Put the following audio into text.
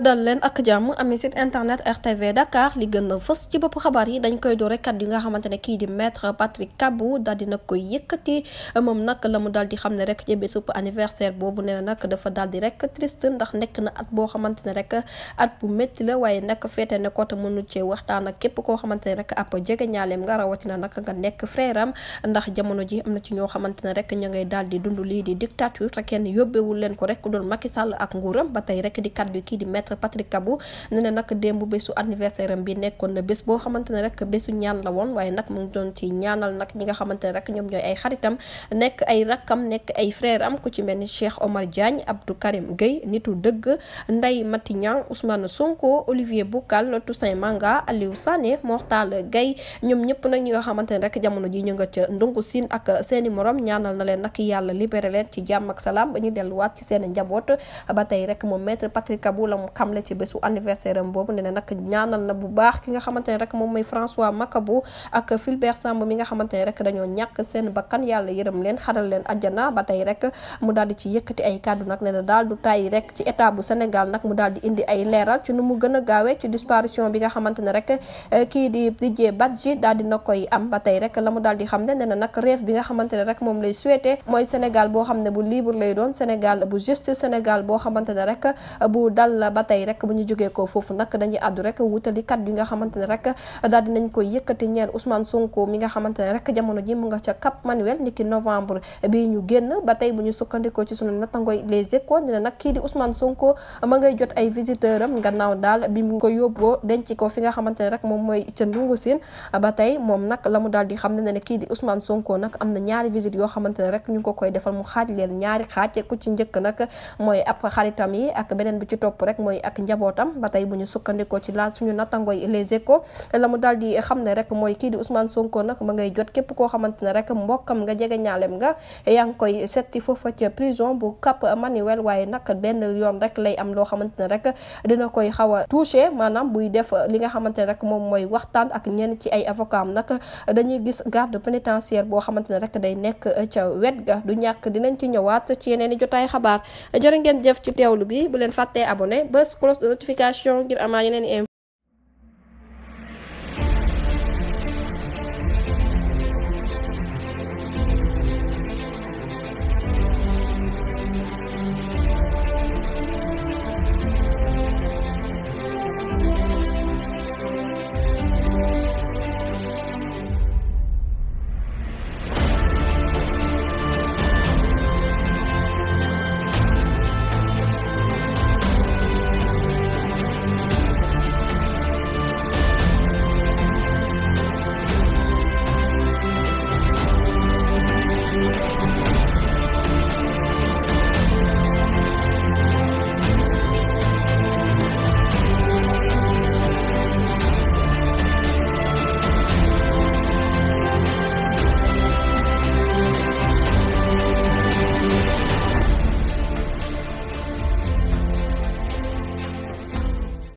dal leen ak jàmm amee site internet RTV Dakar li gën a fës ci bopp xabaar yi dañ koy door rek kat yi nga xamante ne kii di maître Patrick Kabou daal di nag koy yëkkati moom nag la mu daal di xam ne rek ci bésu anniversaire boobu nee na dafa daal di rek triste ndax nekk na at boo xamante ne rek at bu métti la waaye nag féete ne ko te mënu cee waxtaan ak képp koo xamante ne rek ab jege ñaaleem nga rawatina nag nga nekk frère am ndax jamono ji am na ci ñoo xamante ne rek ñu ngay daal di dund lii di dictature kenn yóbbewul leen ko rek doon Macky Sall ak nguuram ba tey rek maître Patrick Kabou ne na nag démb bésu anniversaire am bi nekkoon na bés boo xamante ne rek bésu ñaan la woon waaye nag mu doon ci ñaanal nag ñi nga xamante ne rek ñoom ñooy ay xaritam nekk ay rakkam nekk ay frère am ku ci mel ni Cheikh Omar Diagne Abdou Karim Gueye nitu dëgg Ndeye Mati Niang Ousmane Sonko Olivier Boucal Toussaint Manga Aliou Sané Mortal Gueye ñoom ñëpp nag ñi nga xamante ne rek jamono ji ñu nga ca ndungu siin ak seeni moroom ñaanal na leen nag yàlla libéré leen ci jàmm ak salaam ba ñu delluwaat ci seen njaboot ba tey rek moom maître Patrick Kabou la xamle ci bésu anniversaire boobu ne ne nag ñaanal na bu baax ki nga xamante ne rek moom mooy François Makabu ak Fulbert Sambou mi nga xamante ne rek dañoo ñàkk seen bakkan yàlla yërëm leen xaral leen àjjana ba tey rek mu daal di ci na daal du tàyyi rek ci état bu Sénégal nag mu daal di indi ay leeral ci nu mu gën a bi nga xamante ne rek eh, kii di Didier Badji daal na am ba tey rek la mu daal di xam ne ne na nag rêve bi nga xamante ne rek moom lay souhaité mooy Sénégal boo xam ne bu libre lay doon Sénégal bu juste Sénégal boo xamante ne rek bu dal la ba tey rek bu ñu jógee ko foofu nag dañuy àddu rek wutali kat yi nga xamante ne rek daal dinañ koy yëkkati ñeel Ousmane Sonko mi ne rek jamono ji mu nga ca Cap Manuel niki novembre bi tey bu ñu sukkandikoo ci sunu nattangooy les échos ne nag kii ay visiteur am gannaaw daal bi mu ko yóbboo denc ko fi nga xamante ne rek moom mooy ca Ndungu Siin ba tey moom nag la daal di xam ne ne kii di Ousmane Sonko nag am na ñaari visite yoo xamante ne rek ñu ngi ko koy defal mu xaaj leen ñaari xaaj ku ci njëkk nag mooy ab xaritam yi ak beneen bi ci topp rek mooy yi ak njabootam ba tey bu ñu sukkandikoo ci laal suñu nattangooy les échos la mu daal di xam ne rek mooy kii di Ousmane Sonko nag ma ngay jot képp koo xamante ne rek mbokkam nga jege ñaalem nga yaa ngi koy setti foofa ca prison bu Cap Manuel waaye nag benn yoon rek lay am loo xamante ne rek dina koy xaw a touché maanaam buy def li nga xamante ne rek moom mooy waxtaan ak ñenn ci ay avocat am dañuy gis garde pénitentiaire boo xamante ne rek day nekk ca wet ga du ñàkk dinañ ci ñëwaat ci yeneen i jotaay xabaar bës cloche de notification ngir amaa yeneen